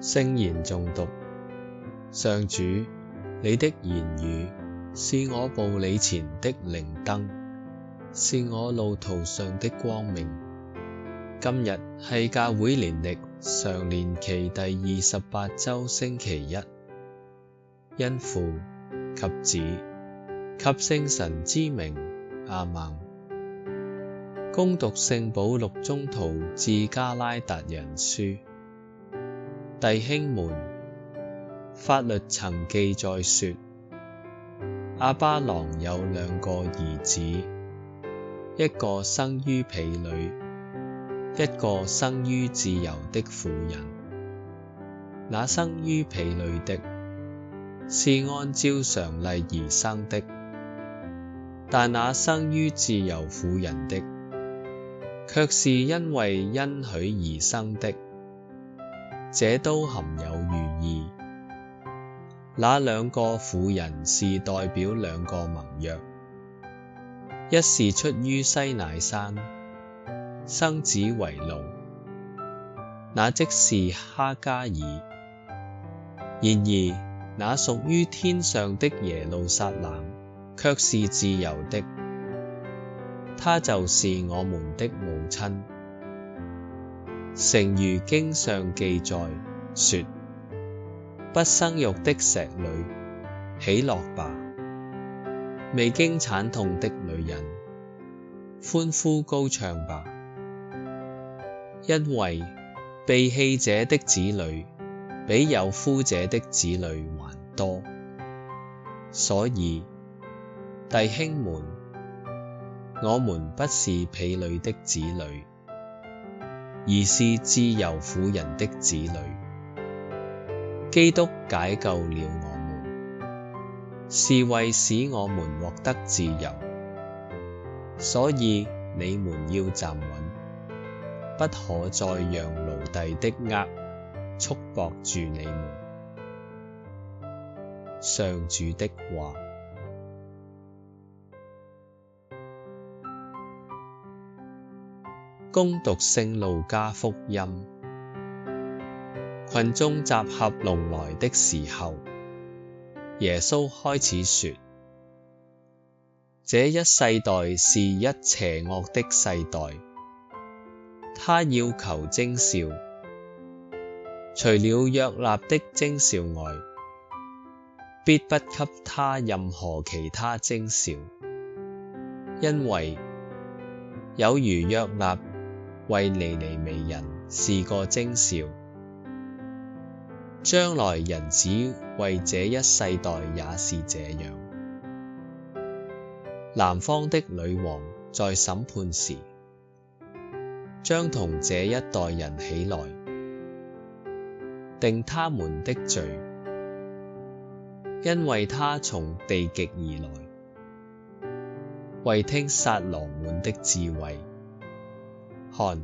聖言誦讀。上主，你的言語是我步你前的靈燈，是我路途上的光明。今日係教會年曆常年期第二十八周星期一，因父及子及聖神之名，阿們。恭讀聖保祿宗徒致迦拉達人書。弟兄們，法律曾記載說，亞巴郎有兩個兒子，一個生於婢女，一個生於自由的婦人。那生於婢女的，是按照常例而生的；但那生於自由婦人的，卻是因為恩許而生的。這都含有寓意。那兩個婦人是代表兩個盟約，一是出於西乃山生子為奴，那即是哈加爾；然而那屬於天上的耶路撒冷卻是自由的，她就是我們的母親。誠如經上記載說：不生育的石女，喜樂吧；未經產痛的女人，歡呼高唱吧。因為被棄者的子女比有夫者的子女還多，所以弟兄們，我們不是婢女的子女。而是自由婦人的子女，基督解救了我們，是為使我們獲得自由。所以你們要站穩，不可再讓奴隸的軛束縛住你們。上主的話。恭讀聖路加福音，群眾集合攏來的時候，耶穌開始説：這一世代是一邪惡的世代，它要求徵兆，除了約納的徵兆外，必不給它任何其他徵兆，因為有如約納。為尼尼微人是個徵兆，將來人子為這一世代也是這樣。南方的女王在審判時，將同這一代人起來，定他們的罪，因為她從地極而來，為聽撒羅滿的智慧。看，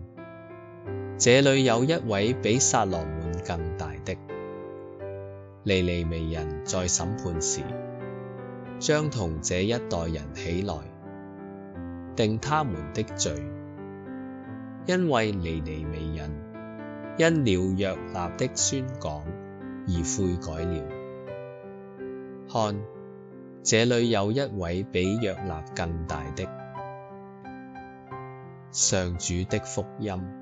這裏有一位比撒羅滿更大的！尼尼微人在審判時，將同這一代人起來，定他們的罪，因為尼尼微人因了約納的宣講而悔改了。看，這裡有一位比約納更大的！上主的福音。